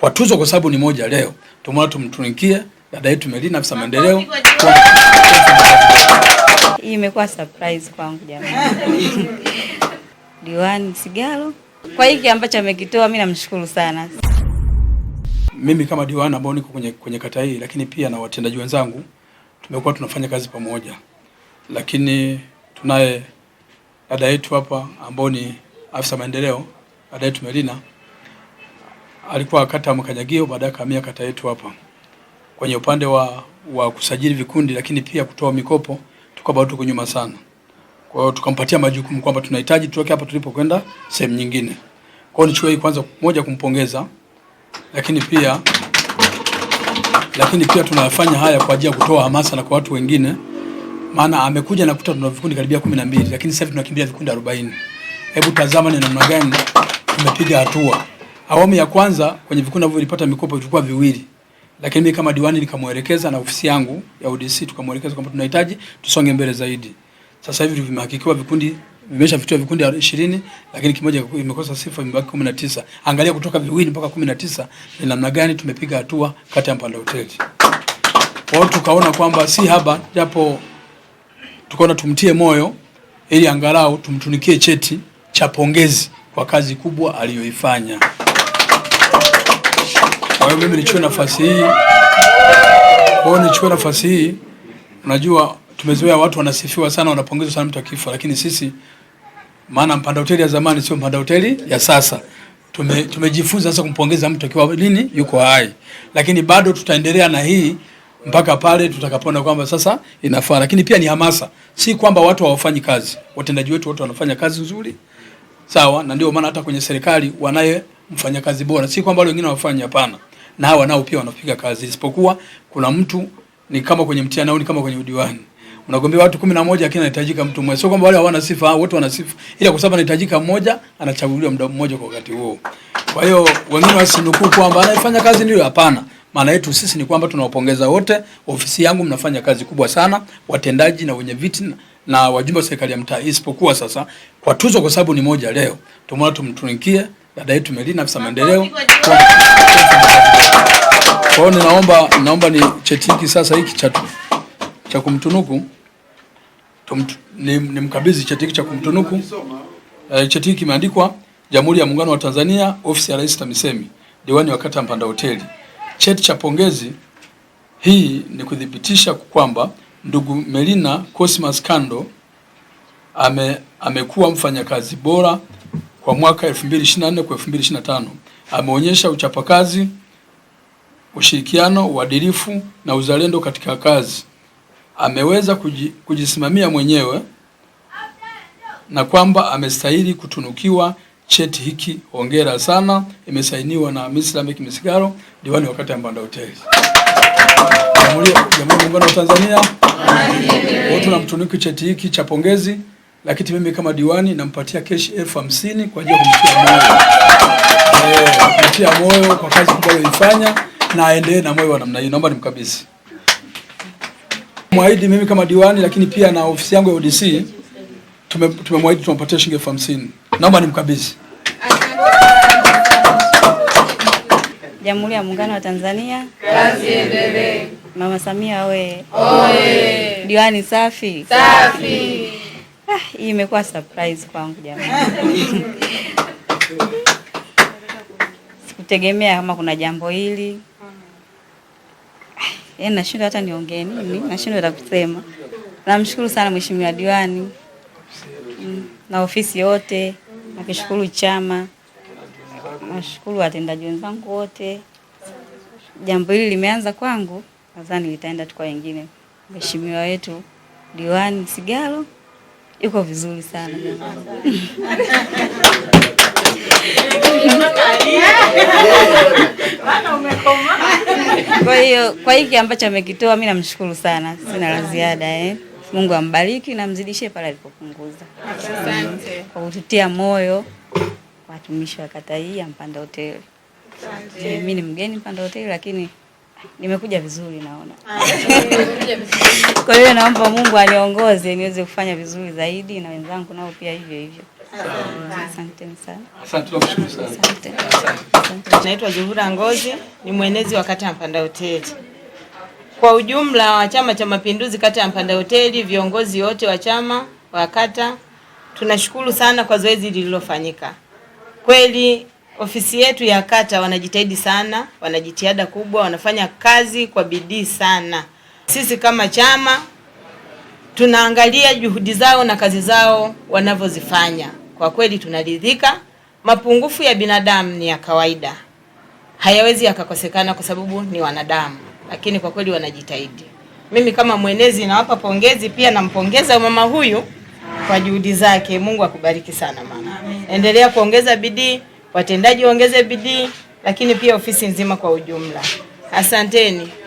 kwa tuzo, kwa sababu ni moja. Leo tumeona tumtunikie dada yetu Melina afisa maendeleo. Hii imekuwa surprise kwangu jamani. Diwani Sigalo kwa hiki ambacho amekitoa, mimi namshukuru sana. Mimi kama diwani ambao niko kwenye, kwenye kata hii, lakini pia na watendaji wenzangu tumekuwa tunafanya kazi pamoja, lakini tunaye dada yetu hapa ambao ni afisa maendeleo, dada yetu Melina alikuwa kata mkanyagio, Makanyagio, baadaye akahamia kata yetu hapa kwenye upande wa, wa kusajili vikundi, lakini pia kutoa mikopo tuko bado tuko nyuma sana. Kwa hiyo tukampatia majukumu kwamba tunahitaji tutoke hapa tulipokwenda sehemu nyingine. Kwa hiyo nichukue kwanza moja kumpongeza, lakini pia lakini pia tunafanya haya kwa ajili ya kutoa hamasa na kwa watu wengine, maana amekuja na kuta tuna vikundi karibia 12 lakini sasa hivi tunakimbia vikundi 40. Hebu tazama ni namna gani tumepiga hatua. Awamu ya kwanza kwenye vikundi ambavyo vilipata mikopo ilikuwa viwili, lakini mimi kama diwani nikamwelekeza na ofisi yangu ya UDC tukamwelekeza kwamba tunahitaji tusonge mbele zaidi. Sasa hivi vimehakikiwa vikundi vimesha vimeshafitiwa vikundi 20 lakini kimoja kimekosa sifa, imebaki 19. Angalia kutoka viwili mpaka 19 ni namna gani tumepiga hatua kati ya Mpanda Hoteli. Kwa hiyo tukaona kwamba si haba, japo tukaona tumtie moyo ili angalau tumtunikie cheti cha pongezi kwa kazi kubwa aliyoifanya. Kwa hiyo mimi nichukue nafasi hii, kwa hiyo nichukue nafasi hii. Unajua tumezoea watu wanasifiwa sana, wanapongezwa sana mtu akifa, lakini sisi maana mpanda hoteli ya zamani sio mpanda hoteli ya sasa. Tume, tumejifunza sasa kumpongeza mtu akiwa nini yuko hai, lakini bado tutaendelea na hii mpaka pale tutakapoona kwamba sasa inafaa. Lakini pia ni hamasa, si kwamba watu hawafanyi kazi. Watendaji wetu wote wanafanya kazi nzuri, sawa, na ndio maana hata kwenye serikali wanaye mfanyakazi bora, si kwamba wale wengine hawafanyi, hapana na hawa nao pia wanapiga kazi, isipokuwa kuna mtu ni kama kwenye mtihani au ni kama kwenye udiwani unagombea watu 11 lakini anahitajika mtu mmoja. Sio kwamba wale hawana sifa, wote wana sifa, ila kwa sababu anahitajika mmoja, anachaguliwa muda mmoja kwa wakati huo. Kwa hiyo wengine wasinukuu kwamba anafanya kazi ndio, hapana. Maana yetu sisi ni kwamba tunawapongeza wote. Ofisi yangu mnafanya kazi kubwa sana, watendaji na wenye viti na wajumbe wa serikali ya mtaa, isipokuwa sasa kwa tuzo, kwa sababu ni moja leo tumeona tumtunikie dada yetu Melina afisa maendeleo. Kwa hiyo ninaomba naomba ni cheti hiki sasa hiki cha cha kumtunuku nimkabidhi cheti hiki cha kumtunuku. Eh, cheti hiki kimeandikwa Jamhuri ya Muungano wa Tanzania, Ofisi ya Rais TAMISEMI, Diwani wa Kata Mpanda Hoteli. Cheti cha pongezi hii ni kuthibitisha kwamba ndugu Melina Cosmas Kando ame amekuwa mfanyakazi bora kwa mwaka 2024 kwa 2025 ameonyesha uchapakazi, ushirikiano, uadilifu na uzalendo katika kazi. Ameweza kuji, kujisimamia mwenyewe na kwamba amestahili kutunukiwa cheti hiki. Hongera sana. Imesainiwa na Miss Lameck Misigaro, diwani wa kata ya Mbanda Jamhuri ya Muungano wa Tanzania. Wote tunamtunuki cheti hiki cha pongezi lakini mimi kama diwani nampatia keshi elfu hamsini kwa ajili ya kumtia moyo eh, kumtia moyo kwa kazi kubwa aliyoifanya na aendelee na moyo wa namna hiyo. Naomba nimkabidhi mwahidi mimi kama diwani, lakini pia na ofisi yangu ya ODC tumemwahidi tume tumpatie shilingi elfu hamsini. Naomba nimkabidhi. Jamhuri ya Muungano wa Tanzania, kazi endelee. Mama Samia oye! Diwani safi safi! Ah, hii imekuwa surprise kwangu jamani. Sikutegemea kama kuna jambo hili. Ah, yaani nashindwa hata niongee nini, nashindwa hata kusema. Namshukuru sana Mheshimiwa Diwani mm, na ofisi yote, nakishukuru chama, nashukuru watendaji wenzangu wote. Jambo hili limeanza kwangu, nadhani litaenda tu kwa wengine. Mheshimiwa wetu Diwani Sigalo Yuko vizuri sana Kwa hiyo kwa hiki ambacho amekitoa mimi namshukuru sana, sina la ziada eh. Mungu ambariki na mzidishie pale alipopunguza. kwa kututia moyo watumishi wa kata hii ya Mpanda Hoteli. Mimi eh, ni mgeni Mpanda Hoteli lakini nimekuja vizuri naona. Ah, kwa hiyo naomba Mungu aniongoze niweze kufanya vizuri zaidi na wenzangu nao pia hivyo hivyo. Asante sana. Asante sana. Naitwa Juhura Ngozi, ni mwenezi wa kata ya Mpanda Hoteli. Kwa ujumla wa Chama cha Mapinduzi kata ya Mpanda Hoteli, viongozi wote wa chama wa kata tunashukuru sana kwa zoezi lililofanyika. Kweli Ofisi yetu ya kata wanajitahidi sana, wanajitihada kubwa, wanafanya kazi kwa bidii sana. Sisi kama chama tunaangalia juhudi zao na kazi zao wanavyozifanya, kwa kweli tunaridhika. Mapungufu ya binadamu ni ya kawaida, hayawezi yakakosekana kwa sababu ni wanadamu, lakini kwa kweli wanajitahidi. Mimi kama mwenezi nawapa pongezi, pia nampongeza mama huyu kwa juhudi zake. Mungu akubariki sana mama, endelea kuongeza bidii watendaji waongeze bidii, lakini pia ofisi nzima kwa ujumla. Asanteni.